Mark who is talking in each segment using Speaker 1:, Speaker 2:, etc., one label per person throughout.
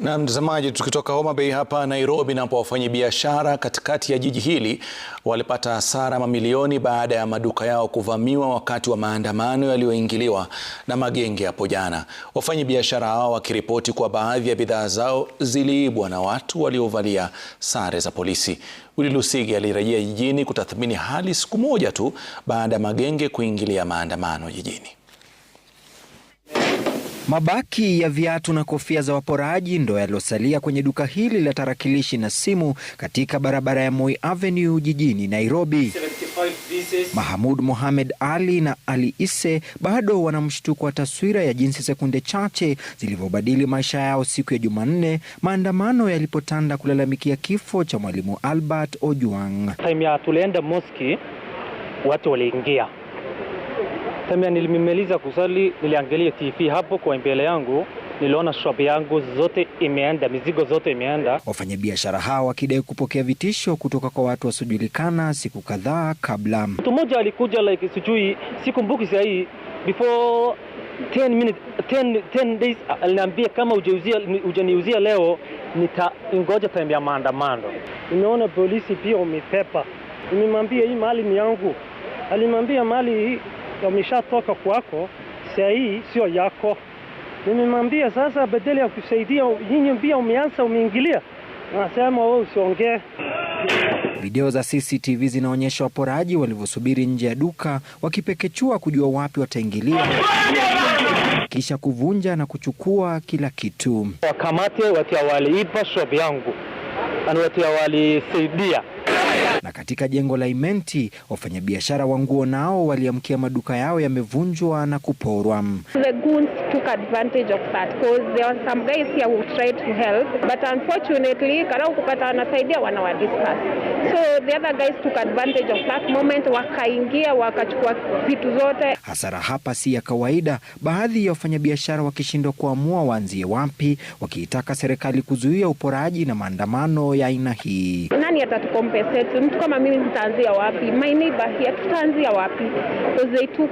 Speaker 1: Na mtazamaji, tukitoka Homa Bay hapa Nairobi, napo wafanyabiashara katikati ya jiji hili walipata hasara mamilioni baada ya maduka yao kuvamiwa wakati wa maandamano yaliyoingiliwa na magenge hapo jana, wafanyabiashara hao wakiripoti kuwa baadhi ya bidhaa zao ziliibwa na watu waliovalia sare za polisi. Willy Lusigi alirejea jijini kutathmini hali siku moja tu baada ya magenge kuingilia maandamano jijini. Mabaki ya viatu na kofia za waporaji ndo yaliyosalia kwenye duka hili la tarakilishi na simu katika barabara ya Moi Avenue jijini Nairobi. Mahamud Mohamed Ali na Ali ise bado wana mshtuko wa taswira ya jinsi sekunde chache zilivyobadili maisha yao siku ya Jumanne, maandamano yalipotanda kulalamikia kifo cha mwalimu Albert ojuang
Speaker 2: Time ya tulienda moski, watu waliingia sema nilimemaliza kusali, niliangalia TV hapo kwa mbele yangu, niliona shop yangu zote imeenda, mizigo zote imeenda.
Speaker 1: Wafanyabiashara hao wakidai kupokea vitisho kutoka kwa watu wasiojulikana siku kadhaa kabla.
Speaker 2: Mtu mmoja alikuja like sijui sikumbuki sahii before 10 minutes 10 10 days aliniambia kama ujeuzia ujaniuzia leo nitaingoja time ya maandamano.
Speaker 3: Nimeona polisi pia umepepa, nimemwambia hii mali ni yangu, alimwambia mali wameshatoka kwako, saa hii sio yako. Nimemwambia sasa, badala ya kusaidia nyinyi pia umeanza umeingilia, nasema wewe oh, usiongee.
Speaker 1: Video za CCTV zinaonyesha waporaji walivyosubiri nje ya duka wakipekechua kujua wapi wataingilia kisha kuvunja na kuchukua kila kitu.
Speaker 2: Wakamate wati waliipa shop yangu na wati walisaidia
Speaker 1: na katika jengo la Imenti, wafanyabiashara wa nguo nao waliamkia maduka yao yamevunjwa na kuporwa.
Speaker 4: Wakaingia wakachukua vitu zote.
Speaker 1: Hasara hapa si ya kawaida, baadhi ya wafanyabiashara wakishindwa kuamua waanzie wapi, wakiitaka serikali kuzuia uporaji na maandamano ya aina hii.
Speaker 4: Nani atatukompensate? mtu kama mimi tutaanzia wapi? My neighbor here tutaanzia wapi? Because they took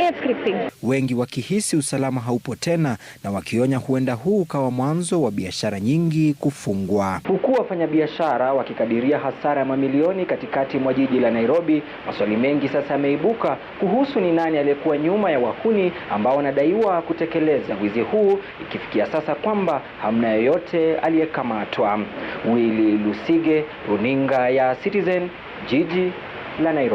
Speaker 4: everything.
Speaker 1: Wengi wakihisi usalama haupo tena na wakionya huenda huu ukawa mwanzo wa biashara nyingi kufungwa. Huku wafanyabiashara wakikadiria hasara ya mamilioni katikati mwa jiji la Nairobi, maswali mengi sasa yameibuka kuhusu ni nani aliyekuwa nyuma ya wahuni ambao wanadaiwa kutekeleza wizi huu, ikifikia sasa kwamba hamna yoyote aliyekamatwa. Willy Lusige, runinga ya Citizen, jiji la Nairobi.